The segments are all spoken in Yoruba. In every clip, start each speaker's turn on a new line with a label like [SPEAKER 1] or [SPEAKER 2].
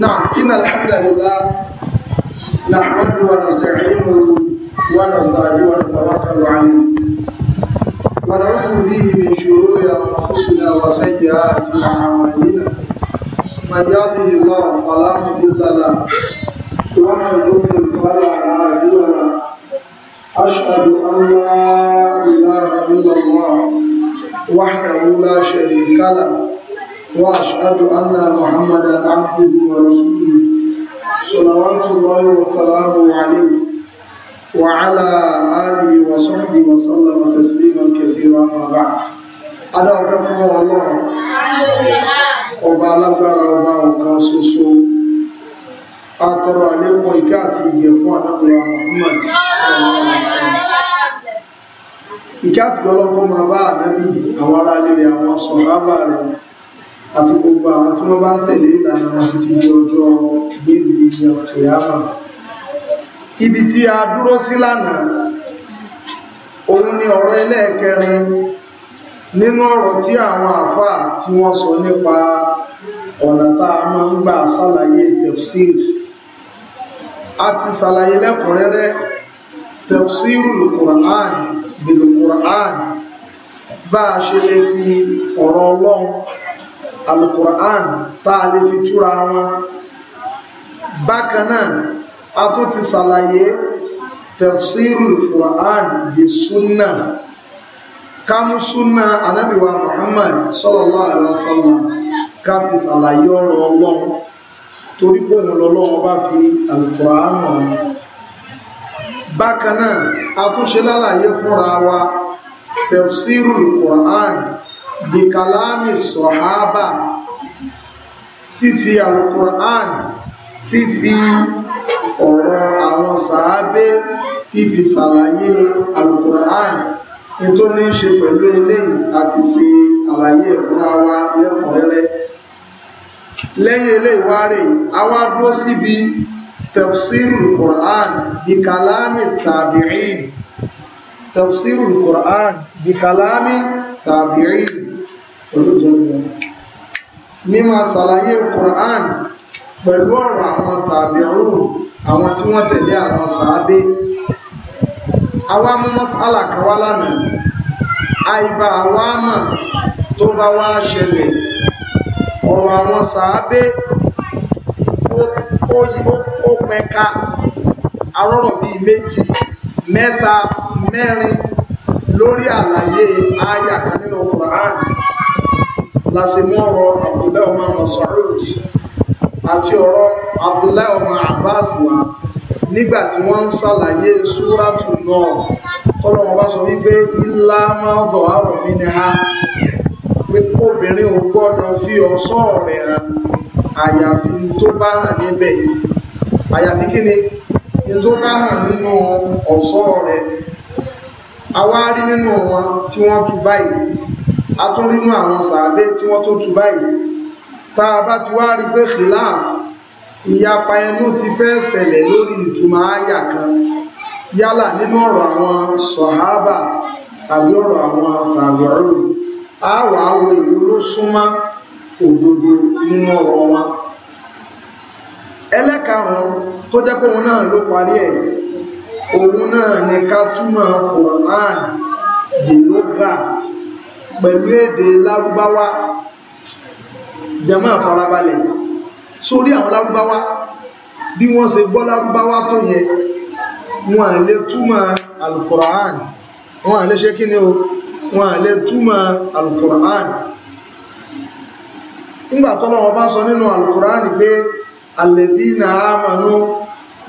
[SPEAKER 1] نعم إن الحمد لله نحمده ونستعينه ونستهديه ونتوكل عليه ونعوذ به من شرور أنفسنا وسيئات أعمالنا من يهده الله فلا مضل له ومن يضلل فلا هادي له أشهد أن لا إله إلا الله وحده لا شريك له وأشهد أن محمدا عبده ورسوله صلوات الله وسلامه عليه وعلى آله وصحبه وسلم تسليما كثيرا ما بعد أنا أرفع الله ọba alágbára ọba ọ̀kan ṣoṣo atọrọ àlékún ìkẹ́ àti ìgẹ̀ fún anábìyà Muhammad ìkẹ́ àti gọlọ́kọ́ máa bá ànábì àwọn ará rẹ̀ àwọn sọ̀rọ̀ àti gbogbo àwọn tí wọ́n bá ń tẹ̀lé ìlànà wọn títí di ọjọ́ gbèrè ìyàmà ibi tí a dúró sí lánàá òun ni ọ̀rọ̀ ẹlẹ́ẹ̀kẹrin nínú ọ̀rọ̀ tí àwọn àfáà tí wọ́n sọ nípa ọ̀nà tá a máa ń gbà ṣàlàyé tefsir a ti ṣàlàyé lẹ́kùnrẹ́rẹ́ tefsirul Qur'an bil Qur'an bá a ṣe lè fi ọ̀rọ̀ Ọlọ́run alukur'an tá a lè fi túra wọn bákan náà a tún ti ṣàlàyé tafsirul qur'an bi sunna kámú súnà anábìwá muhammad sallallahu alaihi wasallam ká fi ṣàlàyé ọ̀rọ̀ ọlọ́run torí pé òun bá fi alukur'an hàn bákan náà a tún ṣe lálàyé fúnra wa tafsirul qur'an bikalami sọ̀hábà fífi alukur'an fífi ọ̀rọ̀ àwọn sàábé fífi sàlàyé alukur'an tó ní ṣe pẹ̀lú eléyìí àti ṣe àlàyé ẹ̀fúnra wa lẹ́kùnrẹ́rẹ́ lẹ́yìn eléyìí wá rè àwa dúró síbi tafsirul qur'an bí kalami tabi'in tafsirul qur'an bí kalami tabi'in olójọ́jọ́ mímọ̀ ṣàlàyé Quran pẹ̀lú ọ̀rọ̀ àwọn tàbíọ̀rùn àwọn tí wọ́n tẹ̀lé àwọn sàábé àwa mú mọ́sálà kan wá lánàá àìbá àwa mọ̀ tó bá wá ṣẹlẹ̀ ọ̀rọ̀ àwọn sàábé ó pẹ̀ka arọ́rọ̀ bíi méjì mẹ́ta mẹ́rin lórí àlàyé àyà nínú Quran láti mú ọ̀rọ̀ Abdullahi ọmọ Mas'ud àti ọ̀rọ̀ Abdullahi ọmọ Abbas wá nígbà tí wọ́n ń ṣàlàyé súrátù náà tọ́lọ́wọ́ bá sọ wípé ilá máa ń bọ̀ àrọ̀ mí ni ha pé obìnrin ò gbọ́dọ̀ fi ọ̀ṣọ́ rẹ̀ àyàfi tó bá hàn níbẹ̀ àyàfi kí ni tó bá hàn nínú ọ̀ṣọ́ rẹ̀ awárí nínú wọn tí wọ́n tú báyìí a tún rí inú àwọn sàábé tí wọ́n tó tu báyìí tá a bá ti wá rí pé khilaf ìyapa ẹnu ti fẹ́ ṣẹlẹ̀ lórí ìtumọ̀ àyà kan yálà nínú ọ̀rọ̀ àwọn sọ̀hábà tàbí ọ̀rọ̀ àwọn tàbíọ̀rọ̀ a wà èwo ló súnmọ́ òdodo nínú ọ̀rọ̀ wọn ẹlẹ́karùn-ún tó jẹ́ pé òun náà ló parí ẹ̀ òun náà ni ká túmọ̀ Qur'an bùlógà pẹ̀lú èdè lárúbáwá jẹmọ́ àfarabalẹ̀ sórí àwọn lárúbáwá bí wọ́n ṣe gbọ́ lárúbáwá tó yẹ wọn à lè túmọ̀ alukura'an wọn à lè ṣe kí ni o wọn à lè túmọ̀ alukura'an nígbà tọ́lọ́wọ́ bá sọ nínú alukura'an pé alladhina amanu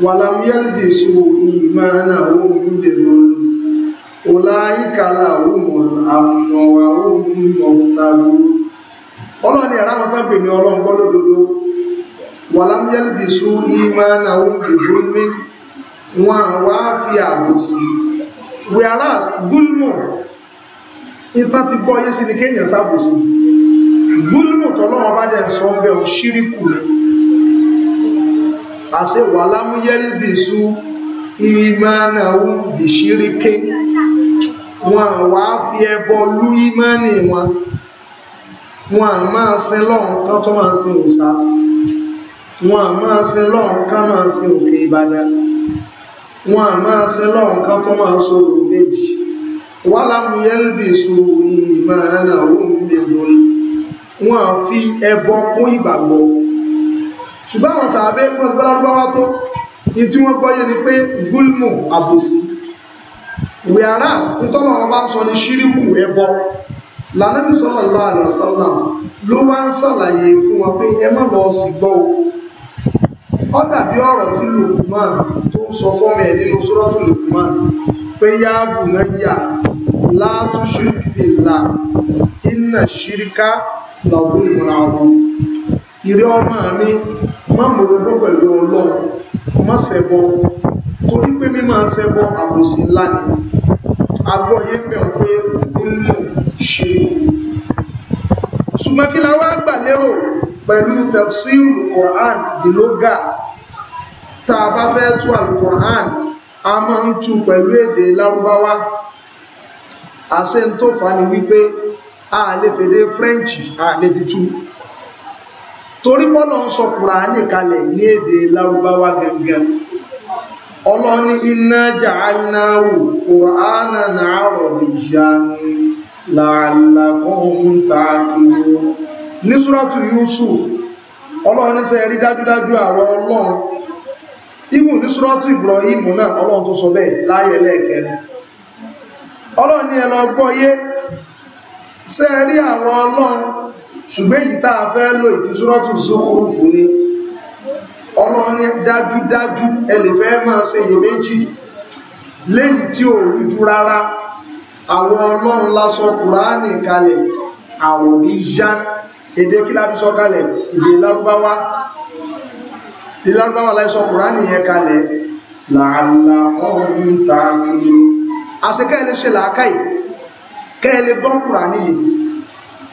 [SPEAKER 1] walam yalbisu imanahum bidhulm ulaika lahumul amn ọlọ́ni ẹ̀rá wọn tán pè ní ọlọ́ngbọ́ lódodo wà lámúyẹ́lìbì sú ìmọ̀ọ́nà òǹkè gúlmí wọn wá fi ààbò sí whereas gúlmù ìta ti gbọ́ yé sí ni kéèyàn sábò sí gúlmù tọ́lọ́wọ́n bá dẹ̀ sọ ń bẹ̀ ò ṣíríkù ni àṣẹ wà lámúyẹ́lìbì sú ìmọ̀ọ́nà òǹkè ṣíríkè wọn wá fi ẹbọ lú ìmọ̀ọ́nì wọn wọn a máa sin lọ́run kán tó máa sin òsà wọn a máa sin lọ́run kán máa sin òkè ìbàdàn wọn a máa sin lọ́run kán tó máa sọ̀rọ̀ méjì wọ́n lámúyẹ́lbì sọ ìmọ̀ ẹ̀nà òun mẹ́rin wọn a fi ẹbọ kún ìgbàgbọ́ ṣùgbọ́n àwọn sàábé pọ́sibọ́lárúbáwá tó ní tí wọ́n gbọ́yé ni pé vulmo àbòsí whereas nítọ́lọ́wọ́ bá ń sọ ní ṣíríkù ẹbọ lànàbí sallallahu alaihi wasallam ló wá ń ṣàlàyé fún wọn pé ẹ má lọ sí gbọ́ o ó dàbí ọ̀rọ̀ tí Lukman tó ń sọ fọ́mọ ẹ̀ nínú suratu Lukman pé yá la tushrik billah inna shirka lọ́dún ìmúra ọmọ ìrẹ́ ọmọ mi má pẹ̀lú má torí pé àbòsí ni agbọ́yé ń bẹ̀ pé ìlú ṣe ṣùgbọ́n kí la wá gbà lérò pẹ̀lú tafsirul Qur'an ìlógà tá a bá fẹ́ tú al-Qur'an a máa ń tú pẹ̀lú èdè lárúbáwá àṣẹ tó fà ní wípé a lè fèdè French a lè fi tú torí bọ́lọ̀ ń sọ Qur'an nìkalẹ̀ ní èdè lárúbáwá gangan ọlọ́ni iná jàánáwò kòránà nàárọ̀ lè ṣàánú làálàkọ́hún tààkìlú ní súrátù Yusuf ọlọ́ni sẹ́ rí dájúdájú àwọn ọlọ́run ibù ní súrátù náà tó sọ bẹ́ẹ̀ láyẹ̀ ọlọ́run ní dájúdájú ẹ lè fẹ́ máa ṣe iyèméjì léyìí tí ò rújú rárá àwọn ọlọ́run la sọ kùránì kalẹ̀ àwọn ìyá èdè kí lábí sọ kalẹ̀ èdè lárúbáwá èdè lárúbáwá láì sọ kùránì yẹn kalẹ̀ làálà ọ̀hún ta kìlú àṣekẹ́ ẹ lè ṣe làákàyè kẹ́ ẹ lè gbọ́ kùránì yìí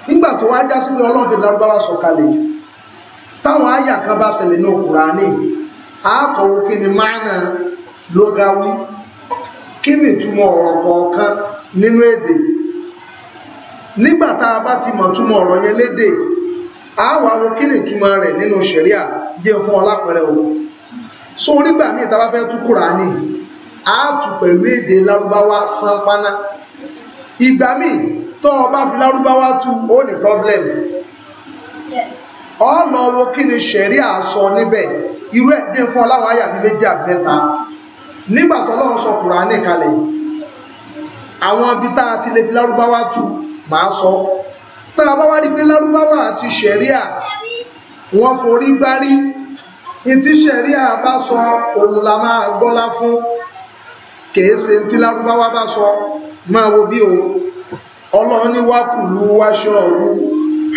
[SPEAKER 1] nígbà tó wá já sí pé ọlọ́run fi lárúbáwá sọ kalẹ̀ yìí táwọn àyà kan bá ṣẹlẹ̀ ní Kùránì àákọ̀wò kí ni máàna lógáwí kí ni ìtumọ̀ ọ̀rọ̀ kọ̀ọ̀kan nínú èdè nígbà tá a bá ti mọ̀ túmọ̀ ọ̀rọ̀ yẹn lédè àáwá wo kí ni ìtumọ̀ rẹ̀ nínú ṣẹ̀ríà jẹ́ fún ọ lápẹẹrẹ o so onígbà míì tá a bá fẹ́ tú Kùránì àátù pẹ̀lú èdè lárúbáwá sanpaná ìgbà míì tó o bá fi lárúbáwá tú ó ní problem ọ̀ọ́lọ́ wo kí ni ṣẹ̀rí àsọ níbẹ̀ irú ẹ̀ dín fún ọláwọ̀ àyà bíi méjì àbẹ́ta nígbà tó lọ́wọ́ sọ kùránì kalẹ̀ àwọn ibi tá a ti lè fi lárúbáwá tu màá sọ tá a bá wá rí pé lárúbáwá àti ṣẹ̀ríà wọ́n forí gbárí ìtí ṣẹ̀ríà bá sọ òun la máa gbọ́lá fún kìí ṣe tí lárúbáwá bá sọ máa wo bí o ọlọ́run ní wákùlù wáṣọ́ọ̀rù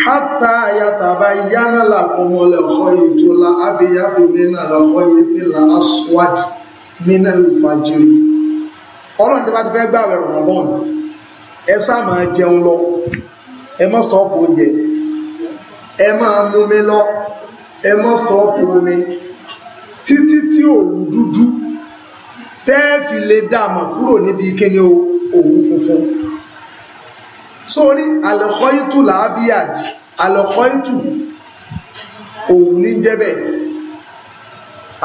[SPEAKER 1] Hatta ya taba làkọmọ lẹkọ ètò la abiyatu nínà lọkọ ètò la aswad nínà ìfàjìrì Ọlọ́run tí bá ti fẹ́ gbà wẹrọ Ramadan ẹ sáà máa jẹun lọ ẹ má stọọpù oúnjẹ ẹ máa mú mi lọ ẹ má stọọpù omi títí tí òwú dúdú tẹ́ẹ̀fì lè dààmú kúrò níbi kíni òwú funfun sórí àlẹ́kọ́ìtù làábíyàdì àlẹ́kọ́ìtù òun ní jẹ́bẹ̀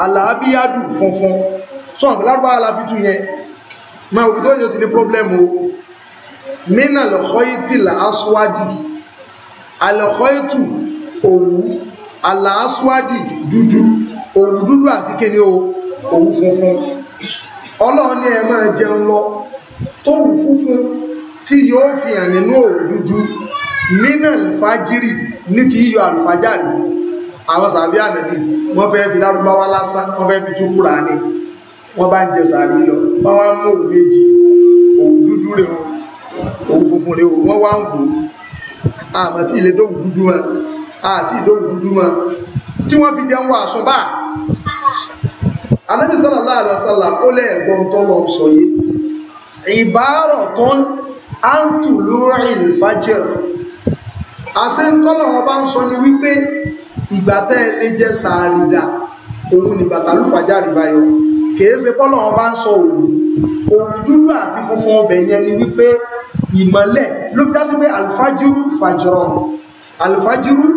[SPEAKER 1] àlàábíyàdù funfun sọ̀n lágbà aláfitù yẹn ma òbí tó yóò ti ní problem o mínà àlẹ́kọ́ìtì làásùwádì àlẹ́kọ́ìtù òwú àlàásùwádì dúdú òwú dúdú àti kíni o òwú funfun ọlọ́run ní ẹ máa jẹun lọ tó wù funfun tí yóò fi hàn nínú òdúdú nínà alfajiri ní ti yíyọ alfajari àwọn sàbí ànàbí wọ́n fẹ́ fi lárúbáwá lásán wọ́n fẹ́ fi túkúrà ní wọ́n bá ń jẹ sàrí lọ wọ́n wá mú òun méjì òun dúdú rẹ̀ òun funfun rẹ̀ wọ́n wá ń bò àmọ́ tí ilé dóhùn dúdú mọ́ àti ìdóhùn dúdú mọ́ tí wọ́n fi jẹun wà sùn báà anábì sallallahu ó lẹ́ẹ̀gbọ́n tọ́lọ́ sọ yìí ìbárọ̀ tó ń áńtù lórí ìfàjẹr àṣẹ́ńtọ́lọ̀ wọn bá ń sọ ni wípé ìgbà tẹ́ ẹ lè jẹ sàárìdà òun ni bàtàlú fàjárì báyọ̀ kìí ṣe pọ́lọ̀ wọn bá ń sọ òun òun dúdú àti funfun ọbẹ̀ yẹn ni wípé ìmọ́lẹ̀ ló fi jásí pé alfajiru fàjọrọ̀ alfajiru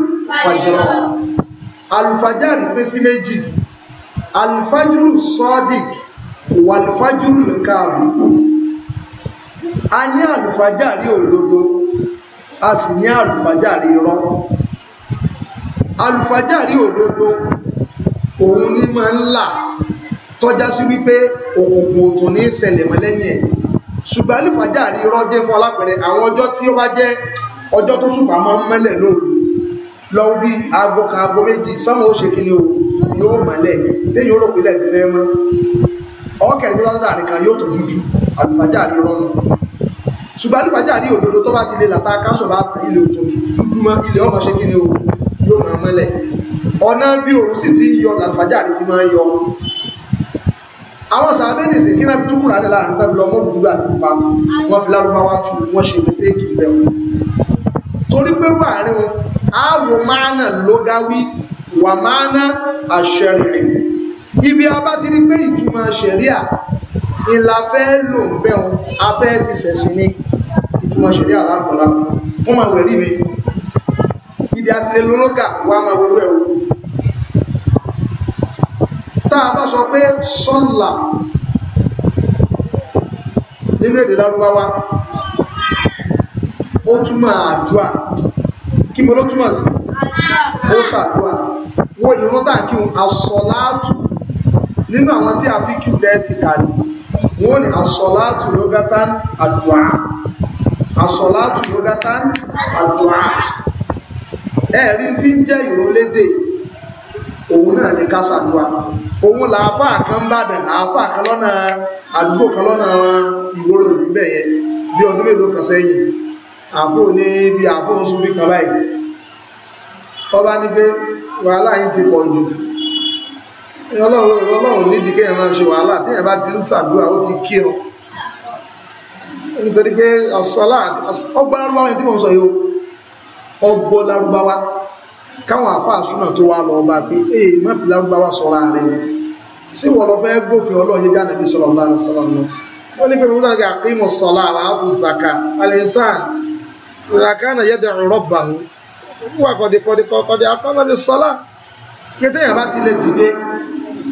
[SPEAKER 1] fàjọrọ̀ alfajárì pé sí méjì alfajiru sọ́dìk wàlfajiru káàbù a ní àlùfájàrí òdodo a sì ní àlùfájàrí irọ́ àlùfájàrí òdodo òun ní máa ń là tọ́já sí wípé òkùnkùn òtún ní ìṣẹ̀lẹ̀ mọ́ lẹ́yìn ẹ̀ ṣùgbọ́n àlùfájàrí irọ́ jẹ́ fún alápẹ̀rẹ̀ àwọn ọjọ́ tí ó bá jẹ́ ọjọ́ tó ṣùpá máa ń mẹ́lẹ̀ lóru lọ́wọ́ bí aago kan aago méjì sánmọ̀ ó ṣe kíni o yóò mọ́lẹ̀ téyìn rò pé lẹ́ẹ̀tì fẹ́ mọ́ ọkẹ̀rẹ̀ bí wọ́n tó yóò tó dúdú àlùfájàrí irọ́ nù ṣùgbọ́n nípàjá rí òdòdó tó bá ti lè làtà kásọ̀bá ilẹ̀ òtò dúdú mọ́ ilẹ̀ ọmọ ṣe kí ni o yóò máa mọ́lẹ̀ ọ̀nà bí òun sì ti yọ làlùfàjá rí ti máa yọ àwọn sàábé ní ìsìn kí náà fi tún kúrò àdẹ́lá àrùn pẹ́bí lọ́mọ́ òdúdú àdúgbà wọ́n fi lárúbáwá tù wọ́n ṣe mistake bẹ́ẹ̀ torí pé wàárín wọn á wo máàna lógáwí wà máàna àṣẹrìnrìn ibi abá ti rí pé ìtumọ̀ ṣẹ̀ríà ìlà fẹ́ lò ń bẹ́ wọn a fẹ́ fi sẹ̀sìn ní ìtumọ̀ ṣẹ̀rí àlágbọ̀lá fún wọn máa wẹ̀rí mi ibi àtìlẹ́ lólógà wà máa wọlú ẹ̀wò tá a bá sọ pé sọ́là nínú èdè lárúbáwá ó túmọ̀ àdúà kí mo ló túmọ̀ sí ó ṣàdúà wo ìrántà kí n asọ̀látù nínú àwọn tí a fi kí n lẹ́ ti dàrí wọ́n ni asọ́látù àdùá asọ́látù lógátán àdùá ẹ̀rí tí ń jẹ́ ìrólédè òun náà ní kásàdùá òun làáfà kan bàdàn afọ kan lọ́nà àdúgbò kan lọ́nà ìwòrò níbẹ̀ yẹn bí ọdún mélòó kan sẹ́yìn àfò ní bí àfò ń kan báyìí ọba ní pé wàhálà ọlọ́run ọlọ́run nídìí kí ẹ máa ṣe wàhálà tí ẹ bá ti ń ṣàdúrà ó ti kí ọ nítorí pé ọ̀sọ́lá ọgbà lárúbáwá tí mo sọ yìí ọgbọ́ lárúbáwá káwọn àfáà súnà tó wà lọ bá pé èè má fi lárúbáwá sọ̀rọ̀ rẹ̀ sí wọ́n lọ fẹ́ gbófin ọlọ́run yíjá nàbí sọ̀rọ̀ lánà sọ̀rọ̀ lọ ó ní pé mo dájú àkímọ̀ sọ̀lá àlàátù zaka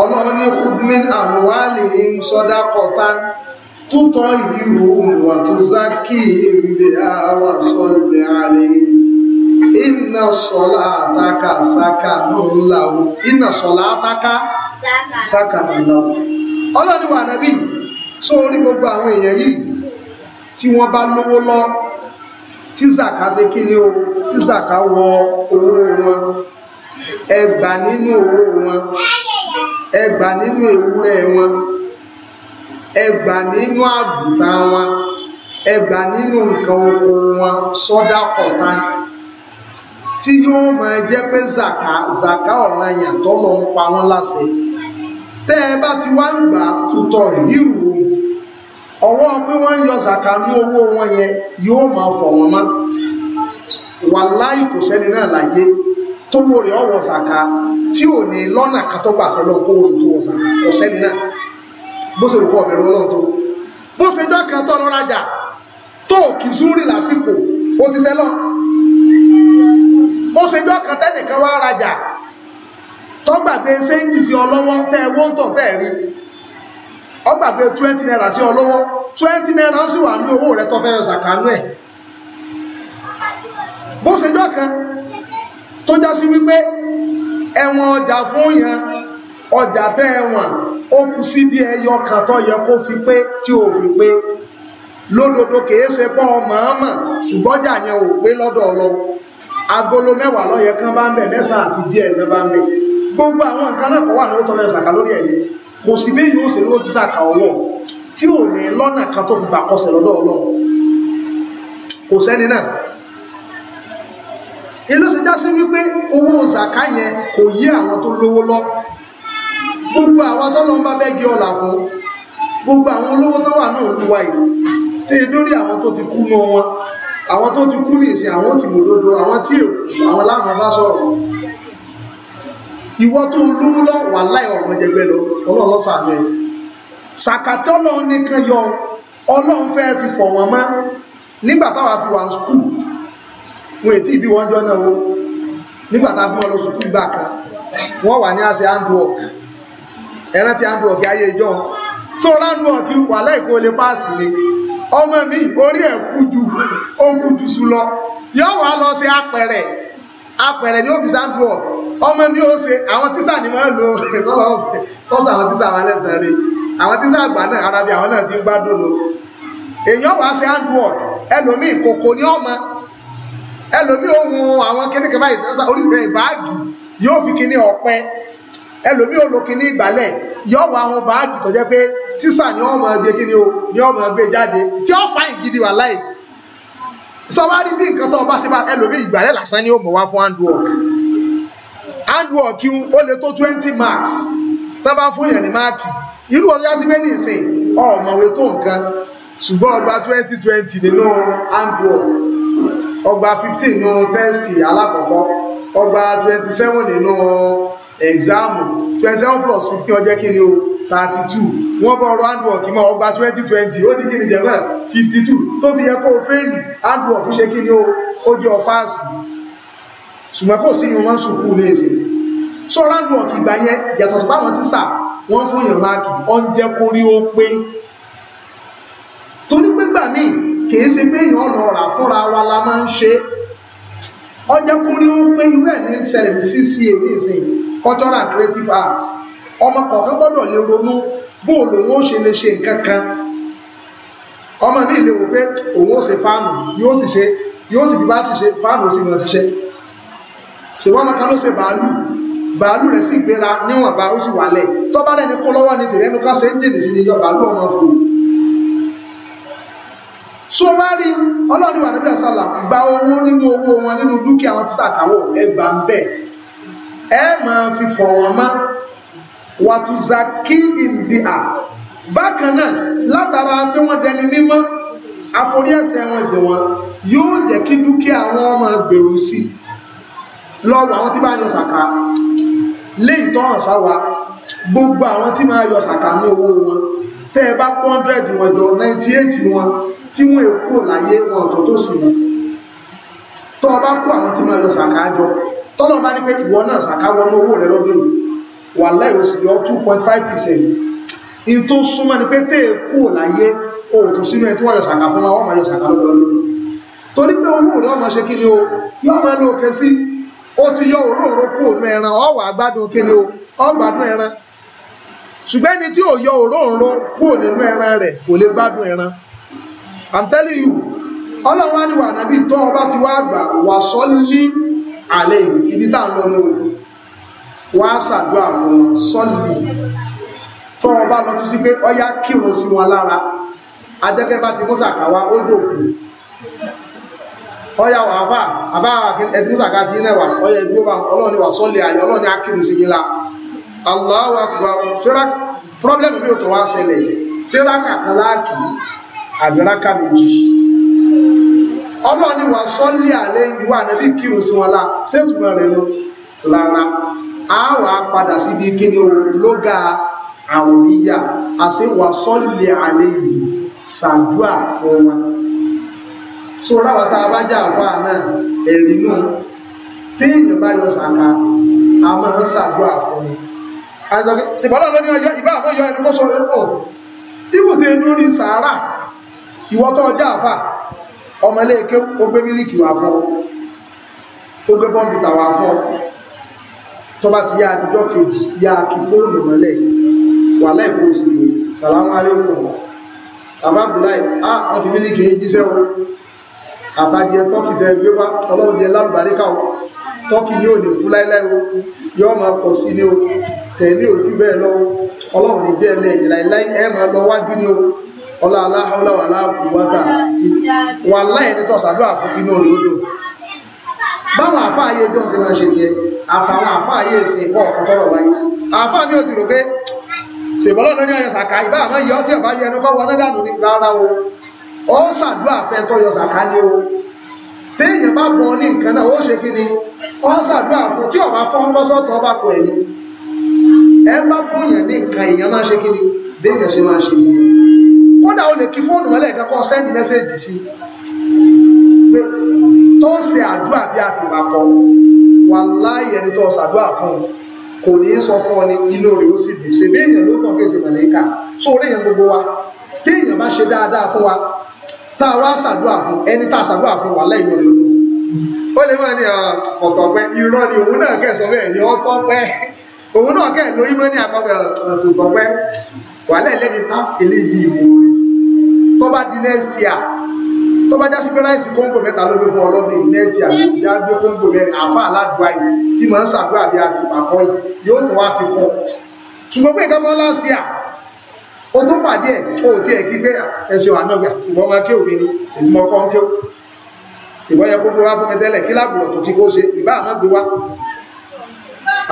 [SPEAKER 1] ọlọ́run ní hudmin àmúwálì ń sọ́dá kọta tútọ́ ìrú wà tó zákì ìbẹ̀ àwà sọ́lẹ̀ ààrẹ iná sọ́lá àtàkà sáka ńláwó iná sọ́lá àtàkà sáka ńláwó ọlọ́run wà nàbí sórí gbogbo àwọn èèyàn yìí tí wọ́n bá lówó lọ tí zaka ṣe kí ni o tí zaka wọ owó wọn ẹgbà nínú owó wọn ẹgbà nínú ewúrẹ́ wọn ẹgbà nínú àgùntàn wọn ẹgbà nínú nǹkan oko wọn sọ́dá kọ̀tá tí yóò máa jẹ́ pé zàká zàká ọ̀ràn yàn tó lọ ń pa wọ́n láṣẹ tẹ́ ẹ bá ti wá ń gbà tutọ̀ yíru ọwọ́ pé wọ́n ń yọ zàká ní owó wọn yẹn yóò máa fọ̀ wọ́n mọ́ wàláì kò sẹ́ni náà láyé tó wò rẹ̀ ọwọ́ sàkà tí ò ní lọ́nà kan tó gbà sọ́lọ́ kó o tó wọ̀ sàkà ọ̀sẹ́ nínà bó ṣe rúkọ ọ̀bẹ̀rù ọlọ́run tó bó ṣe jọ́ kan tọ́lọ́ rajà tó kì zúrì lásìkò ó ti sẹ́lọ́ bó ṣe jọ́ kan tẹ́nìkan wá rajà tó gbàgbé sẹ́ńtì sí ọlọ́wọ́ tẹ́ wọ́n tọ̀ tẹ́ rí ó gbàgbé twenty naira sí ọlọ́wọ́ twenty naira sì wà ní owó rẹ̀ tó fẹ́ ṣàkánú ẹ̀ bó ṣe jọ́ kan tó já sí wípé ẹ̀wọ̀n ọjà fún yẹn ọjà tẹ́ ẹ̀wọ̀n ó kù sí bí ẹyọ kan tó yẹ kó fi pé tí ò fi pé lódodo kìí ṣe pọ́ mọ̀ọ́mọ̀ ṣùgbọ́jà yẹn ò pé lọ́dọ̀ lọ agolo mẹ́wàá lọ́yẹ kan bá ń bẹ̀ mẹ́sàn àti díẹ̀ náà bá ń bẹ̀ gbogbo àwọn nǹkan náà kọ́ wà lórí tọ́lẹ̀ ṣàkà lórí ẹ̀yẹ kò sí bí yóò ṣe lówó ti ṣàkà ọwọ́ tí ò ní lọ́nà kan tó fi gbà kọsẹ̀ lọ́dọ̀ ọlọ́run kò sẹ́ni náà èló ṣe já sí wípé owó zaka yẹn kò yé àwọn tó lówó lọ gbogbo àwọn tó lọ́n bá bẹ́ẹ̀ gé ọ̀là fún gbogbo àwọn olówó tó wà náà wúwa yìí tẹ́ lórí àwọn tó ti kú mọ́ wọn àwọn tó ti kú ní ìsìn àwọn ti mòdodo àwọn tí èkó àwọn láwọn bá sọ̀rọ̀ ìwọ tó lówó lọ wà láì ọ̀gbọ̀n lọ ọlọ́run lọ́sàánú ẹ̀ sàkàtì nìkan yọ ọlọ́run fẹ́ fi fọ̀ wọ́n mọ́ nígbà táwa fi wà ní skul wọn ètí ìbí wọn jọ náà o nígbà tá a fún wọn lọ sùkúù ìgbà kan wọn wà ní àṣẹ handwork ẹran ti handwork ayé ìjọ tó handwork wà láìkó lè páàsì ni ọmọ mi orí ẹ̀ kú ju ó kú ju sùn lọ yóò wá lọ ṣe apẹ̀rẹ̀ apẹ̀rẹ̀ ni ó fi handwork ọmọ mi ó ṣe àwọn tíṣà ni wọ́n lò lọ́lọ́ kọ́sọ̀ àwọn tíṣà wọn lẹ́sàn-án rí àwọn tíṣà àgbà náà arábí àwọn náà ti ń gbádùn lò èèyàn wàá ṣe handwork ẹlòmíì kòkò ní ọmọ ẹlòmí ohun àwọn kíní kan báyìí orí rẹ̀ báàgì yóò fi kíní ọ̀pẹ ẹlòmí ò lo kíní ìgbálẹ̀ yóò wọ àwọn báàgì tó jẹ́ pé tísà ni wọ́n mọ̀ ẹgbẹ́ kíní o ni wọ́n mọ̀ ẹgbẹ́ jáde tí ó fa ìgidi wà láì sọwárí bí nǹkan tó bá ṣe bá ẹlòmí ìgbálẹ̀ lásán ni ó mọ̀ wá fún handwork handwork ó lè tó twenty marks tó bá fún yẹn ní máàkì irú ọjọ́ sí pé nìsín ọ̀mọ̀wé tó nǹkan ṣùgbọ́n ọgbà twenty twenty nínú handwork ọgbà fifteen nínú tẹ́sì alákọ̀ọ́kọ́ ọgbà twenty seven nínú ẹ̀gzáàmù twenty seven plus fifteen ó jẹ́ kí ni o thirty two wọ́n bọ̀ ọ̀rọ̀ handwork mọ́ ọgbà twenty twenty ó ní kí ni jẹ̀mọ́ fifty two tó fi yẹ kó o fẹ́ẹ̀lì handwork ṣe kí ni o ó jẹ́ ọ páàsì ṣùgbọ́n kò sí ni wọ́n ń sùkúù ní èsì so handwork ìgbà yẹn yàtọ̀ sí báwọn ti sà wọ́n fún yàn máàkì ọ̀ ń jẹ́ kórí ó pé torí pé gbà míì kìí ṣe pé èèyàn lọ rà fúnra wa la máa ń ṣe ọjọ́ kúrí ó pé irú ẹ̀ ní sẹ̀rẹ̀mí CCA nísìn cultural and creative arts ọmọ kọ̀ọ̀kan gbọ́dọ̀ lè ronú bóò lòun ó ṣe lè ṣe nǹkan kan ọmọ mi lè wò pé òun ó ṣe fáànù yóò sì ṣe yóò sì bí bá ti ṣe fáànù ó sì mọ̀ ṣiṣẹ́ ṣùgbọ́n ọmọ kan ló ṣe bàálù bàálù rẹ̀ sì gbéra níwọ̀nba ó sì wà lẹ̀ tọ́ bá lẹ́ni kó lọ́wọ́ ní tìrẹ́nu kan ṣe ń jìnnì sí ni yọ bàálù ọmọ fòó so wá rí ọlọ́ọ̀dún wà níbi ọ̀sán là gba owó nínú owó wọn nínú dúkìá wọn tí sàkáwọ̀ ẹgbà ń bẹ̀ ẹ máa fi fọ̀ wọ́n mọ́ wàtúzàkí ìbíà bákan náà látara pé wọ́n dẹni mímọ́ àforí ẹ̀ṣẹ̀ wọn jẹ wọn yóò jẹ́ kí dúkìá wọn máa gbèrú sí lọ́wọ́ àwọn tí bá yọ sàká léyìí tó hàn sáwa gbogbo àwọn tí máa yọ sàká ní owó wọn tẹ́ ẹ bá kó 100 wọn jọ 98 wọn tí wọ́n èkó láyé wọn ọ̀tọ̀ tó sì mú tó ọba kó àwọn tí wọ́n lọ sàkà jọ tọ́lọ̀ bá ní pé ìwọ náà sàkà wọnú owó rẹ lọ́dún yìí wà láì ó yọ 2.5 percent in tó súnmọ́ ni pé tẹ́ èkó láyé òòtò sínú ẹ tí wọ́n yọ sàkà fún wọn wọ́n máa yọ sàkà lọ́dọọdún torí pé owó rẹ ọmọ ṣe kí ni o yọ ọmọ ẹnu òkè sí ó ti yọ òróró kú òun ẹran ọwọ́ àgbádùn kí ni o ọgbádùn ẹran ṣùgbẹ́ni tí ò yọ òróró kú nínú ẹran rẹ̀ kò lè gbádùn ẹran i'm telling you ọlọ́run á ní wà nábì tó ọba ti wá àgbà wà sọ lí àlẹ́ yìí ibi tá à ń lọ ní òun wá ṣàdúrà fún sọ́ọ̀lì tó ọba lọ tún sí pé ọyá kírun sí wọn lára ajẹ́kẹ́ bá ti mú sàkáwá ó dòkú ọyá wà fà àbá ẹtí mú sàká ti yín náà wà ọyá ìdúró bá ọlọ́run ni wà sọ́ọ̀lì àlẹ́ ọlọ́run ni á kírun sí yín la Allahu akbar ṣọ́ra pírọ́blẹ́mù bí ó tó wá ṣẹlẹ̀ ṣé rákà kan láàkì àbí rákà méjì ọlọ́ni wà sọ́lé àlẹ́ ìwà ànábì kírun sí wọn la ṣètùmọ̀ rẹ̀ lọ lára a wà padà síbi kíni lóga àwòníyà àti wà sọ́lé àlẹ́ yìí ṣàdúà fún wọn so láwàtà abájá àfáà náà ẹ̀rí náà téèyàn bá yọ sàkà a máa ń ṣàdúà fún mi ṣèbọ́lá lọ́ní ọjọ́ ìbá àmọ́ yọ ẹni kó sọ rẹ̀ pọ̀ ibùdó lórí sàárà ìwọ tó ọjà àfà ọmọ ilé ike ó gbé mílíkì wà fún ó gbé bọ́ǹbìtà wà fún tó bá ti yá àdìjọ́ kejì yá kí fóònù mọ́lẹ̀ wà láìpẹ́ òsì rẹ̀ sàlámù alékùn bàbá abdullahi a wọ́n fi mílíkì yìí jíṣẹ́ o àtàjẹ tọ́kì tẹ gbé wá ọlọ́run jẹ lálùbáríkà o tọ́kì yóò lè kú láíláí o yóò máa pọ̀ sí ni o tẹ̀lé ojú bẹ́ẹ̀ lọ ọlọ́run ní jẹ́ ẹlẹ́yìn láíláí lọ wájú ni o ọlá aláhọ́lá wà láàkúwátà wà láì ní tọ́sàdúrà fún inú orí odò báwọn àfáàyè jọ ti máa ṣe nìyẹn àtàwọn àfáàyè ìsìn ìkọ́ ọ̀kan tọ́rọ̀ báyìí àfáà mi ò ti rò pé ṣèbọ́lọ́ lórí ọyọ sàkà ìbá àmọ́ ìyá ọtí ọba yẹnu kọ́ wọn dànù ní rárá o ó sàdúrà fẹ́ tọ́ yọ sàkà ní o téèyàn bá bọ̀ ní nǹkan náà ó ṣe kí ni ó sàdúrà fún tí ọba fọ́n lọ́sọ̀tọ̀ ọba kọ ẹ̀mí ẹ bá fún yẹn ní nǹkan èèyàn máa ṣe kí ni béèyàn ṣe máa ṣe nìyẹn kódà o lè kí fóònù mọ́lẹ̀ kankan send message sí pé tó ń ṣe àdúrà bí a ti wà kọ wàláhì ẹni tó ṣàdúrà fún un kò ní sọ fún ọ ní inú rẹ̀ ó sì dùn ṣe bí èèyàn ló tàn kí èsì mọ̀lẹ́kà tó rí èèyàn gbogbo wa tí èèyàn bá ṣe dáadáa fún wa tá a wá ṣàdúrà fún ẹni tá a ṣàdúrà fún wa lẹ́yìn rẹ̀ olóhùn ó lè máa ní ọ̀tọ̀pẹ́ irọ́ ni òun náà kẹ́ sọ bẹ́ẹ̀ ni ọ̀tọ̀pẹ́ òun náà kẹ́ lórí mọ́ ní àpapọ̀ ọ̀tọ̀pẹ́ wà lẹ́ẹ̀lẹ́ni tá eléyìí ìwò orí tó bá di next year tó bá já sí pé ráìsì kóńgò mẹ́ta ló gbé fún ọlọ́dún next year já gbé kóńgò mẹ́rin àfa aládùá yìí tí mò ń ṣàdúrà bí a ti pàkọ́ yìí yóò tún wá fi kún ṣùgbọ́n pé ìkẹ́kọ̀ọ́ last year ó tún pàdé ẹ̀ ó ti ẹ̀ kí gbé ẹ̀ṣẹ̀ wà náà gbà ṣùgbọ́n wọn kí obìnrin tèmi mọ́ kọ́ ń kí ó ṣùgbọ́n yẹ kó gbé wá fún mi tẹ́lẹ̀ kí lábùrọ̀ tó kí kó ṣe ìbá àmọ́ gbé wá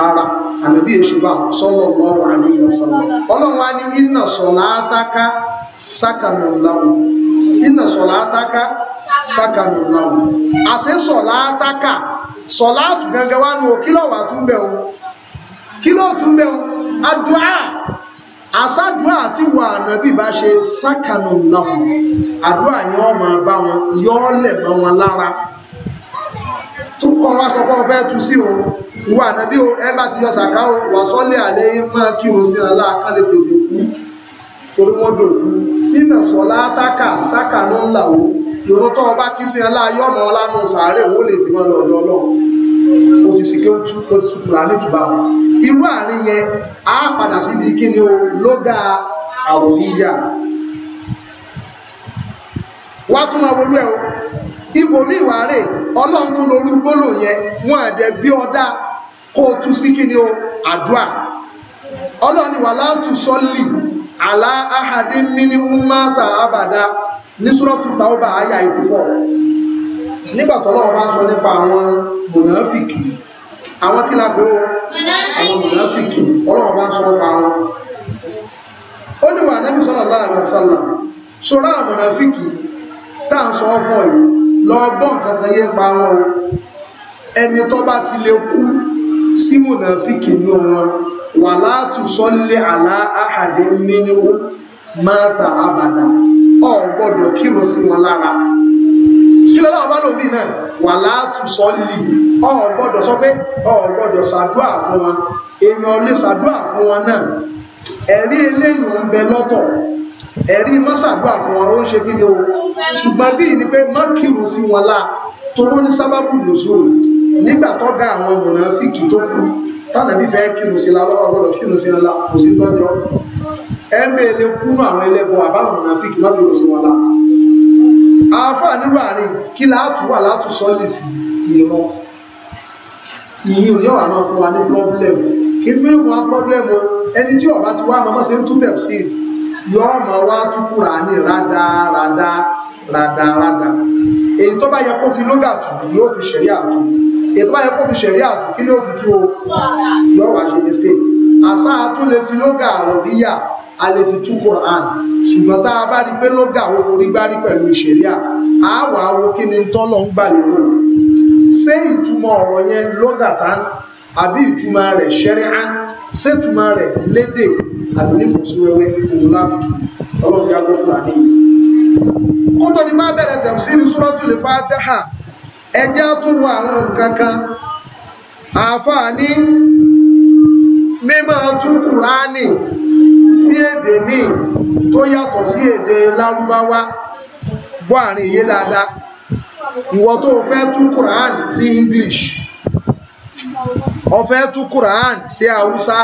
[SPEAKER 1] ara àmì bí èṣù bá sọ́lọ̀ lọ́rọ̀ àmì ìyọ̀sọ̀lọ̀ ọlọ́run á ní iná sọ̀lá átáká sákànù láwù iná sọ̀látàkà sákànù láwù àṣẹ sọ̀látàkà sọ̀látù gangan wà nù kílọ̀ wà tún bẹ̀ o kílọ̀ tún bẹ̀ o àdúà àsádùá àti wà ànábì bá ṣe sákànù láwù àdúà yẹn wọn máa wọn yọ ọ lẹ̀ wọn lára tó kọ́ wá sọ pé wọ́n fẹ́ tu sí o ìwà ànábì o ẹ bá ti yọ sàká o wà sọ́lé àlẹ́ yín máa kí o sí ọlá kálẹ̀ tètè kú. torí wọ́n dòkú nínà sọ̀lá ló ń ọba kí sí ẹlá yọ́mọ̀ ọlánà sàárẹ̀ wó lè ti ó ti sì kéwú ó ti sùkúrà nítùbà irú àárín yẹn á padà síbi o lóga àròyíyà wá tún máa wọlé o ibòmí ìwárè tún lórí gbólò yẹn bí ọdá kó o sí o àdúà ọlọ́run ni láǹtù àlá ahàdí mini umata abada ní sọ́rọ̀tù tàwọ́bà àyà 84 nígbà tọ́lọ́wọ́ bá ń sọ nípa àwọn mùnáfìkì àwọn kílàgbé o àwọn mùnáfìkì ọlọ́wọ́ bá ń sọ nípa àwọn ó ní wà nábì sallallahu alaihi wasallam sọ́rọ̀ àwọn mùnáfìkì tá à ń sọ fún ẹ̀ lọ gbọ́ nǹkan kan yé pa wọn o ẹni tó bá ti lè kú sí mùnáfìkì ní wọn wà látù sọ́lé àlá àhàdé mínú máta àbàdà ọ gbọ́dọ̀ kírun sí wọn lára kí lọ́lá ọba lòbí náà wà látù sọ́lé ọ gbọ́dọ̀ sọ pé ọ gbọ́dọ̀ ṣàdúà fún wọn èèyàn lè ṣàdúà fún wọn náà ẹ̀rí eléyìí ń bẹ lọ́tọ̀ ẹ̀rí mọ́sàdúà fún wọn ó ń ṣe kí ni o ṣùgbọ́n bí ni pé má kírun sí wọn lá toró ní sábàbù lòsùn nígbà tó ga àwọn mọ̀nàfíkì tó kú tánàbí fẹ́ kírun sí lálọ́ ọgbọ́dọ̀ kírun sí lálá kò sí tọ́jọ́ ẹgbẹ́ ilé kúrú àwọn ẹlẹ́gbọ́ àbáwọn mọ̀nàfíkì má kírun sí wọn lá afá nírú àárín kí láàtú wà látú sọ́lì sí ìran ìyìn òní ọ̀rọ̀ náà fún wa ní pọ́blẹ́mù kí ní fún wa pọ́blẹ́mù ẹni tí ọba ti wá mọ́mọ́ sí ń tún tẹ̀f sí yọ ọmọ wa tún kúrà ní rádaràdà rádaràdà èyí tó bá yẹ kó fi lógà tù yóò fi ṣẹ̀rí àtúntò ètò báyẹ kó fi ṣẹ̀rí àtù kí ní ó fi tú o yọ́wà ṣe mistake àṣà tún lè fi lóga àrọ̀bíyà a lè fi tú Quran ṣùgbọ́n tá a bá rí pé lóga ó forí gbárí pẹ̀lú ìṣẹ̀rí à á wà á wo kí ni tọ́lọ̀ ń gbà lérò ṣé ìtumọ̀ ọ̀rọ̀ yẹn lóga tán àbí ìtumọ̀ rẹ̀ ṣẹ́rí án ṣé ìtumọ̀ rẹ̀ lédè àbí nífọ̀síwẹ́wẹ́ òun láfi ọlọ́run yàgò kúrò ní kó tó ní má bẹ̀rẹ̀ tẹ̀síìrì Suratul Fatiha ẹjẹ́ tún wọ àwọn nǹkan kan àáfàá ní mímọ́ tún kùránì sí èdè míì tó yàtọ̀ sí èdè lárúbáwá gbọ́ àárín yé dáadáa ìwọ tó fẹ́ tún kùránì sí English ọfẹ́ tún kùránì sí Haúsá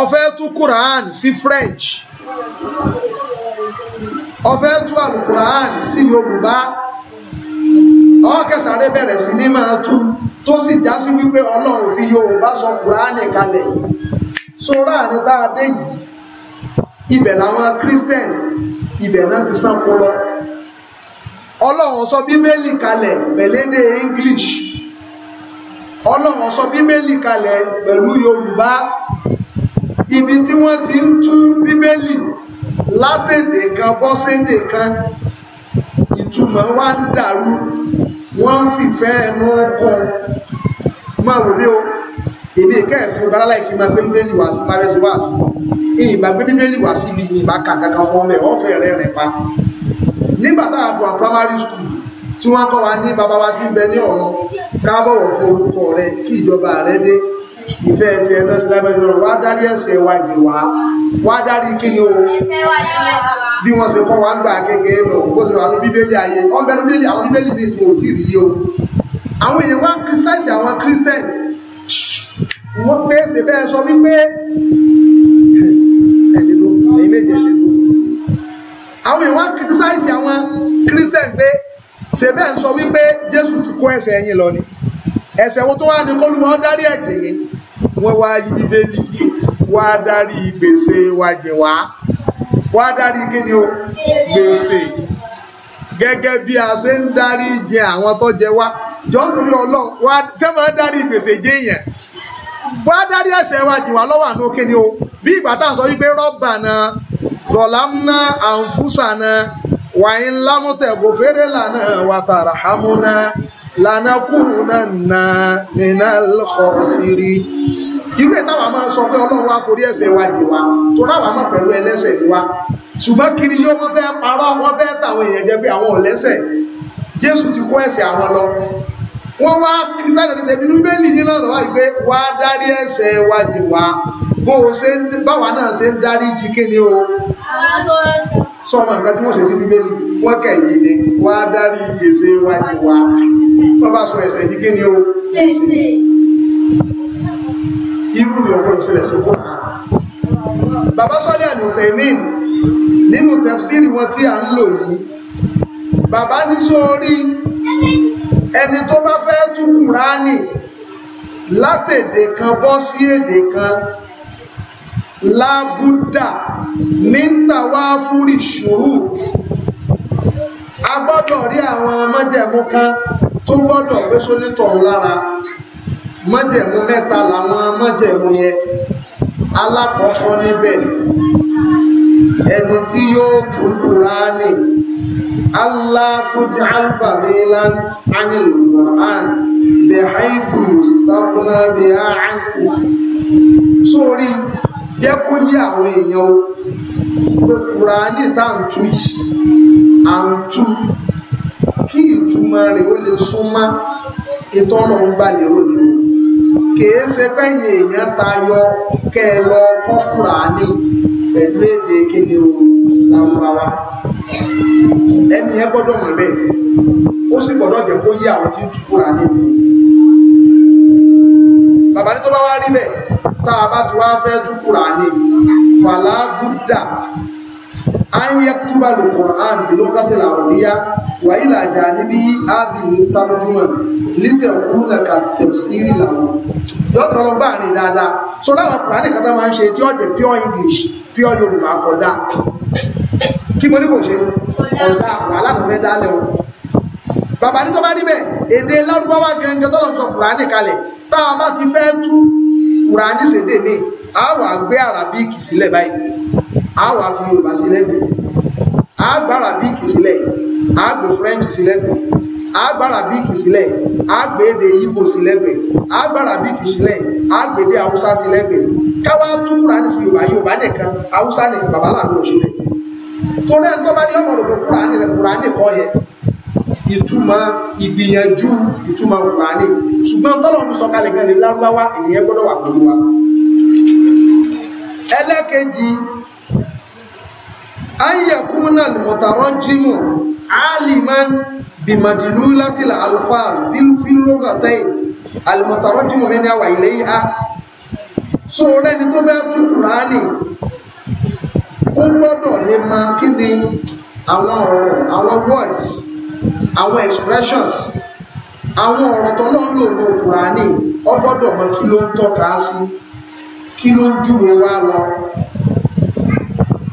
[SPEAKER 1] ọfẹ́ tún kùránì sí French ọfẹ́ tún àlùkùránì sí Yorùbá ọ̀kẹsàrẹ́ bẹ̀rẹ̀ sí ní máa tú tó sì já sí wípé ọlọ́run fi Yorùbá sọ Kùránì kalẹ̀ sóra ní tá a dé yìí ibẹ̀ làwọn Christians ibẹ̀ náà ti sàn kó lọ ọlọ́run sọ bíbélì kalẹ̀ pẹ̀lédè English ọlọ́run sọ bíbélì kalẹ̀ pẹ̀lú Yorùbá ibi tí wọ́n ti ń tú bíbélì látèdè kan bọ́sédè kan ìtumọ̀ wa ń dàrú wọ́n fìfẹ́ ẹnu kọ́ máa wò mí o èmi kẹ́ẹ̀fún bára láìkí máa gbé bíbélì wá sí lábẹ́ sí wá sí ìyìnbá gbé bíbélì wá sí ibi ìyìnbá kàkàkà fún ọmọ ẹ̀ ọ̀fẹ́ rẹ̀ rẹ̀ pa nígbà táà fún primary school tí wọ́n kọ́ wa ní bàbá wa ti ń bẹ ní ọ̀rọ̀ káàbọ̀wọ̀ fún orúkọ rẹ̀ kí ìjọba rẹ̀ dé ìfẹ́ ti ẹ̀nà ti lábẹ́ ìjọrọ̀ wá dárí ẹ̀ṣẹ̀ wa jì wá wá dárí kí ni o bí wọ́n ṣe kọ́ wá gbà kékeré lọ kó sì wà ní bíbélì ayé wọ́n bẹ̀rù bíbélì àwọn bíbélì bíi tí wò tí rí o àwọn èèyàn wá kírísítẹ́sì àwọn kírísítẹ́sì wọ́n pé ṣe bẹ́ẹ̀ sọ wípé ẹ̀dínló ẹ̀yìn méje ẹ̀dínló àwọn èèyàn wá kírísítẹ́sì àwọn kírísítẹ́sì pé ṣe bẹ́ẹ̀ sọ wípé Jésù ti kó ẹ̀ṣẹ̀ ẹ̀yin lọ ni ẹ̀ṣẹ̀ wo tó wá ní kólúwọ́ dárí ẹ̀jẹ̀ yìí wọ́n wá yí bíbélì wá dárí gbèsè wa jẹ̀ wá wá dárí kí o gbèsè gẹ́gẹ́ bí a ṣe ń dárí jẹ àwọn tó jẹ wá jọ́ntorí ọlọ́run wá ṣé máa dárí gbèsè jẹ yẹn wá dárí ẹ̀ṣẹ̀ wa jì wá lọ́wọ́ àánú kí ni o bí ìgbà tá à ń sọ wípé rọ́bà náà rọ̀lámúná àǹfúsà náà wàyín lámútẹ̀gò fèrè lànà wàtàrà hámúná lanakunanna minal khosiri irú ẹ̀ táwa máa sọ pé ọlọ́run wá forí ẹ̀ṣẹ̀ wa jì wá tó ráwa mọ̀ pẹ̀lú ẹlẹ́ṣẹ̀ ni wá ṣùgbọ́n kiri yóò wọ́n fẹ́ parọ́ wọ́n fẹ́ tàwọn èèyàn jẹ́ pé àwọn ọ̀lẹ́ṣẹ̀ jésù ti kó ẹ̀ṣẹ̀ àwọn lọ wọ́n wá kírísítàlẹ̀ tètè bí bíbélì yìí náà lọ́wọ́ ìgbé wá dárí ẹ̀ṣẹ̀ wa jì wá bó o ṣe báwa náà ṣe ń dárí jì kí o sọmọ nǹkan tí wọ́n ṣe sí bíbélì wọ́n kẹ̀yìn ni wá dárí gbèsè wa ní wa wọ́n bá sọ ẹ̀ṣẹ̀ ní kí ni ó irú ni ọgbọ́n ìṣẹ̀lẹ̀ sí kó bàbá sọ́lé àlùfẹ̀mín nínú tẹ̀fsírì wọn tí a ń lò yìí bàbá ní sórí ẹni tó bá fẹ́ tú kùránì látèdè kan bọ́ sí èdè kan lábúdà ní tàwáfúrì ṣùrùt a gbọ́dọ̀ rí àwọn májẹ̀mú kan tó gbọ́dọ̀ pé sólítọ̀ ń lára májẹ̀mú mẹ́ta làwọn májẹ̀mú yẹn alákọ̀ọ́kọ́ níbẹ̀ ẹni tí yóò tú kùránì allah tó jẹ́ albàdílan anil quran bẹ̀haifu yustabna bẹ̀haifu sórí jẹ́ kó yí àwọn èèyàn o pé kùránì tá à ń tú yìí à ń tú kí ìtumọ̀ rẹ̀ ó lè súnmọ́ ìtọ́lọ̀ ń gbà lérò ni o kìí ṣe pẹ́yìn èèyàn tayọ kẹ́ ẹ lọ kọ́ kùránì pẹ̀lú èdè kéde o lárúbáwá ẹni yẹn gbọ́dọ̀ mọ̀ bẹ́ẹ̀ ó sì gbọ́dọ̀ jẹ́ kó yí àwọn tí ń tú kùránì fún un bàbá ní tó bá wá rí bẹ́ẹ̀ tá a bá ti wá fẹ́ tú kùránì fàlágúdà an yaktuba al-Qur'an bi lughati al-arabiyya wa ila janibihi hadhihi tarjuma litakuna ka tafsiri lahu yo tro lo ba ni dáadáa so la Qur'an kan ta ma nse tí ó jẹ́ pure English pure Yorùbá ko da kí mo ní kò ṣe oda wa la no fe da le o bàbá ni tó bá rí bẹ́ẹ̀ èdè Lárúbáwá gangan tó lọ sọ Qur'an kalẹ̀ tá bá ti fẹ́ tú kùránì ṣèdè mi a wà gbé àràbíkì sílẹ̀ báyìí a wà fi yorùbá sílẹ̀ gbé a gbá àràbíkì sílẹ̀ a gbé french sílẹ̀ gbé a gbá àràbíkì sílẹ̀ a gbé èdè Ìgbò sílẹ̀ gbé a gbá àràbíkì sílẹ̀ a gbé èdè haúsá sílẹ̀ gbé káwá tún kùránì sí yorùbá yorùbá nìkan haúsá nìkan bàbá làwọn ṣe bẹ́ẹ̀ torí ẹni tó bá ní ọmọ òdòdó kùránì lẹ kùránì kọ yẹn ìtumọ̀ ìgbìyànjú ìtumọ̀ kùránì ṣùgbọ́n tọ́lọ̀mù sọkalẹ̀ gan ní lárúbáwá ènìyàn gbọ́dọ̀ wà pẹ̀lú wa ẹlẹ́kejì ayyakuna mọ̀tàrọ́jímù aliman bimadilu láti la alfa bílfílógọ́tẹ́ alimọ̀tàrọ́jímù mẹ́ni àwà ilẹ̀ ìhá so rẹni tó fẹ́ tú kùránì ó gbọ́dọ̀ lè máa kí ni àwọn ọ̀rọ̀ àwọn words àwọn expressions àwọn ọ̀rọ̀ tó náà ń lò ní Kùránì ó gbọ́dọ̀ mọ kí ló ń tọ́ka sí kí ló ń júwe wá lọ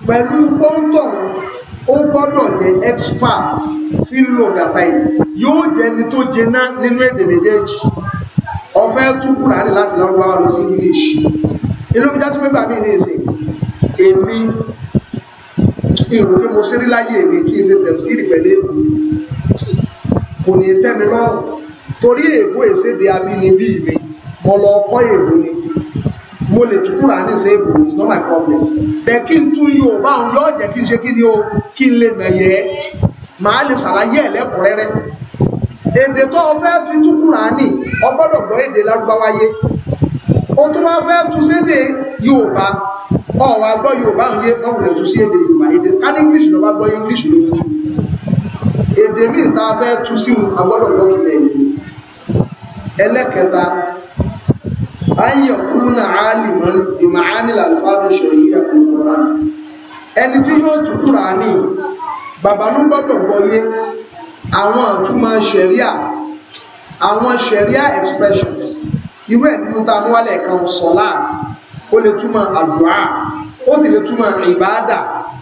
[SPEAKER 1] pẹ̀lú pọ́ńtọ̀ ó gbọ́dọ̀ jẹ́ expert fílò dàtà yìí yóò jẹ́ ni tó jẹná nínú èdè méjèèjì ó fẹ́ tú Kùránì láti lárúbáwá lọ sí English inú mi jásí pépà mi ní ìsìn èmi èrò pé mo ṣe rí láyé mi kí n ṣe tẹ̀síìrì pẹ̀lú èkó kò ní tẹ́mi lọ́rùn torí èbó èséde abínibí mi mo lọ kọ́ èbó ni mo lè tún Kùránì ṣe èbó it's not my problem bẹ́ẹ̀ kí n tún yóò bá òun yóò jẹ́ kí n ṣe kí ni o kí n lè nàyẹ́ màá lè ṣàlàyé ẹ̀ lẹ́kùnrẹ́rẹ́ èdè tó o fẹ́ fi tún Kùránì o gbọ́dọ̀ gbọ́ èdè lárúbáwá yé o tún wá fẹ́ tún sédè Yorùbá ọ̀wà gbọ́ Yorùbá ń yé wọ́n wùlẹ̀ tún sí èdè Yorùbá èdè ká ní ló bá gbọ́ English ló tún èdè míì tá a fẹ́ tú sí wọn agbọ́dọ̀ gbọ́dọ̀ lẹ́yìn ẹlẹ́kẹta ayẹ̀kúnà aliman ìmàánì alfáàbẹ̀ ṣẹ̀rẹ̀ yíyà fún ọ̀rán ẹni tí yóò tú Kùránì bàbá ló gbọ́dọ̀ gbọ́yé àwọn àtúmọ̀ ṣẹ̀ríà àwọn ṣẹ̀ríà expressions irú ẹ̀ nínú tá a mú wálẹ̀ kan sọ̀láàt ó lè túmọ̀ àdúrà ó sì lè túmọ̀ ìbáàdà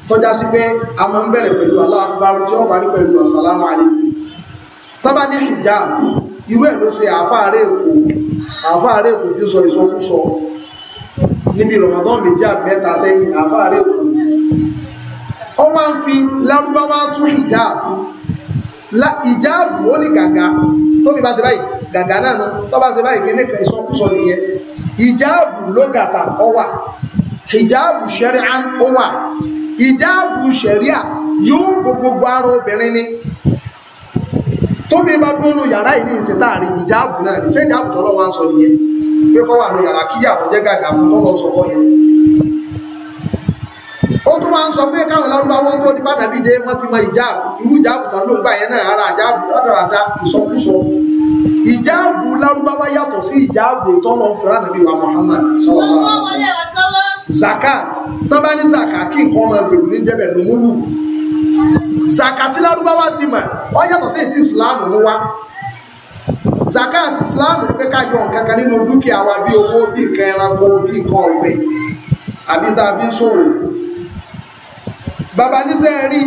[SPEAKER 1] tọ́já sí pé a máa ń bẹ̀rẹ̀ pẹ̀lú Allahu Akbar tí ó parí pẹ̀lú assalamu alaikum tábà ní hijab irú ẹ̀ ló ṣe àfáàrẹ́ èkó àfáàrẹ́ èkó tí ń sọ ìsọkúsọ níbi Ramadan méjì mẹ́ta sẹ́yìn àfáàrẹ́ èkó ó wá ń fi lárúbáwá tún hijab la hijab ó ní gàgà tó bí bá ṣe báyìí gàgà náà tó bá ṣe báyìí kí ní ìsọkúsọ nìyẹn hijab ló gàtà ó hijabu shari'an ó wà hijabu sharia yóò gbogbogbò ara obìnrin ni tóbi bá gbónú yàrá yìí ní ìsìn táàrí ìjáàbù náà ní sẹ́jáàbù tọ́lọ́ wá ń sọ nìyẹn pé kọ́ wà ní yàrá kíyà tó jẹ́ gàgà fún tọ́lọ́ sọ kọ́ yẹn ó tún wá ń sọ pé káwọn lárúbáwọ́ tó ní bánàbí dé wọ́n ti mọ ìjáàbù irú ìjáàbù tán ló ń gbà yẹn náà ara ìjáàbù rádaràda ìsọkúsọ ìjáàbù lárúbáwá yàtọ̀ sí ìjáàbù tọ́lọ́ fúlànàbí wa Muhammad sallallahu alaihi wasallam zakat tán bá ní zaka kí nǹkan ọmọ ẹgbẹ̀rún ní jẹ́bẹ̀ lòmúlù zakati lárúbáwá ti mọ̀ ọ yàtọ̀ sí ètí islam mú wá zakat islam ní pé ká yọ nǹkan kan nínú dúkìá wa bí owó bí nǹkan ẹranko bí nǹkan ọ̀gbìn àbí tá a fi ń ṣòwò bàbá níṣẹ́ rí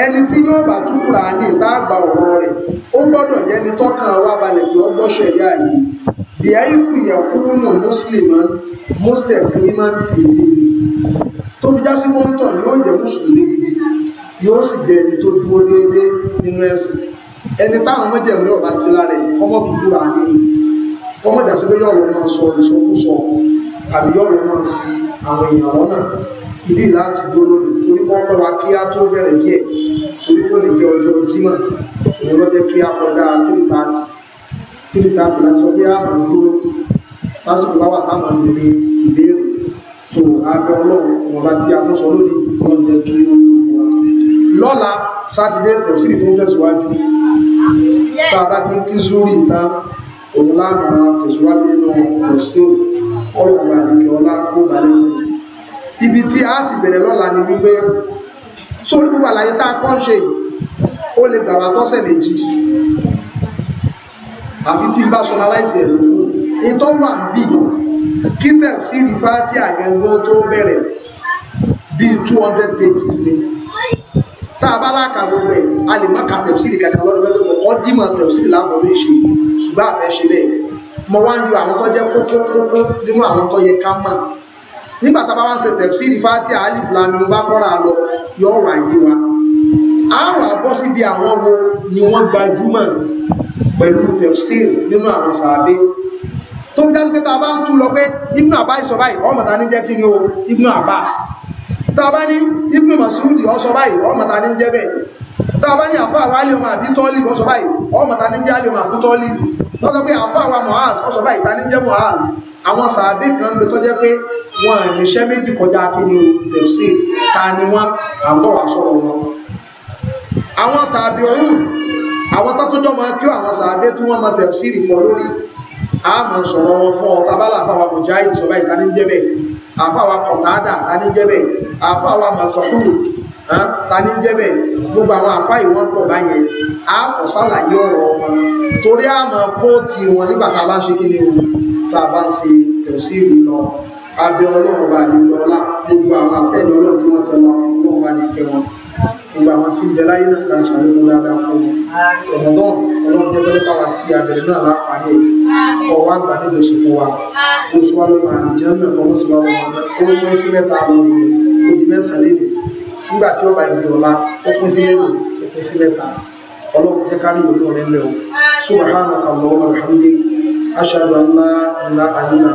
[SPEAKER 1] ẹni tí yóò bá tú Kùránì tá a ọ̀rọ̀ rẹ̀ ó gbọ́dọ̀ jẹ́ ni tọ́kàn wa balẹ̀ fi ọgbọ́ yìí bí àìsù yẹ̀kúrùnù mùsùlùmí mùsùlùmí máa ń fi èdè tó yóò jẹ́ mùsùlùmí gidi yóò sì jẹ́ ẹni tó dúró déédéé nínú ẹ̀sìn ẹni táwọn méjèèmí ọ̀bá ti ọmọ ọmọ ibi láti gbóló torí wọ́n pẹ́ wa kí á tó bẹ̀rẹ̀ díẹ̀ torí kò lè jẹ́ ọjọ́ jímọ̀ òun lọ́jẹ́ kí á kọjá 330 330 láti sọ pé ààbò dúró lásìkò bá wà táwọn ìbéèrè ìbéèrè so abẹ ọlọ́run wọn bá tí a tún sọ lónìí wọn jẹ́ kí ó tó fún wa lọ́la sátidé tẹ̀sílì tó ń tẹ̀síwájú tá a bá ti kí sórí ìta òun láàmú tẹ̀síwájú nínú tẹ̀sílì ọlọ́run àdìkẹ́ ọlá kó balẹ̀ sí i ibi tí a ti bẹ̀rẹ̀ lọ́la ni wípé sórí gbogbo àlàyé tá a kọ́ ṣe yìí ó lè gbà wá tọ́sẹ̀ méjì àfi tí n bá sọ láláìsí ẹ̀ lókù ìtọ́ wà ń bì kí tẹ̀sí rí fáti àgẹ́gọ́ tó bẹ̀rẹ̀ bíi two hundred pages ni tá a bá láka gbogbo ẹ̀ a lè má ka tẹ̀sí rí kankan lọ́dọ̀ bẹ́ẹ̀ bẹ́ẹ̀ kọ́ dìmọ̀ tẹ̀sí rí láwọn ọdún ìṣe ṣùgbọ́n àfẹ́ ṣe bẹ́ẹ̀ mo wá ń yọ àwọn tó jẹ́ kókó kókó nínú àwọn tó yẹ ká mọ̀ nígbà tá a bá wá ń ṣe tẹ̀síìrì fáti alif lami bá kọ́ra lọ yọ wà yé wa àrùn àbọ̀ síbi àwọn wo ni wọ́n gbajúmọ̀ pẹ̀lú tẹ̀síìrì nínú àwọn sàábé tó ń dájú pé tá a bá ń tú lọ pé Ibn Abbas sọ báyìí ọmọ ta ní jẹ́ kí ni o Ibn Abbas tàbá ní ibùn masudi ó sọ báyìí ọmọta ní jẹ́ bẹ́ẹ̀ tàbá ní àfáà wa alẹ́ ọmọ àbí tọ́lì ó sọ báyìí ọmọta ní jẹ́ alẹ́ ọmọ àbú tọ́lì lọ́sọ pé àfáà wa mohaz ó sọ báyìí ta ní jẹ́ mohaz àwọn sàábé kan ń bẹ tó jẹ́ pé wọn àrìnṣẹ́ méjì kọjá akíní tẹ̀sí ta ni wọn àgbọ̀wà sọ̀rọ̀ wọn àwọn tàbí ọ̀hún àwọn tátọ́jọ́ máa kí àwọn sàábé tí wọ́n máa tẹ̀sí rì fọ́ lórí a sọ̀rọ̀ wọn fún ọ tábàlà àfáà wa kò já àfáwà kọ̀tàádà tani jẹ́bẹ̀ àfáwà mọ̀sọ̀kúrù tani jẹ́bẹ̀ gbogbo àwọn àfá ìwọ́n pọ̀ báyẹn a kọ̀ sálàyé ọ̀rọ̀ wọn torí àmọ́ kóòtì wọn nígbà tá a bá ń ṣe kí ni o tá a bá ń ṣe tẹ̀síìrì lọ abẹ ọlọ́run bá ní lọ́lá gbogbo àwọn afẹ́ni ọlọ́run tí wọ́n ti lọ ọlọ́run bá ní kẹ wọn gbogbo àwọn tí ń bẹ láyé náà kan ṣàlékún dáadáa fún wọn ọ̀mọ̀dán ọlọ́run jẹ́ pẹ́lẹ́ káwa tí abẹ̀rẹ̀ náà lápàdé ọ̀ wá gbà níbi oṣù fún wa oṣù wa ló máa ní jẹ́ náà kọ́ oṣù wa ló máa ó ń pín sí mẹ́ta àwọn ènìyàn òbí mẹ́sàn-án léde nígbà tí ọba ìbí ọ̀la ó pín sí mẹ́ta ó pín sí mẹ́ta ọlọ́run jẹ́ kárí ìyọ̀nù rẹ̀ lẹ́wọ̀ subhanaka Allahumma wa bihamdik ashhadu an la ilaha illa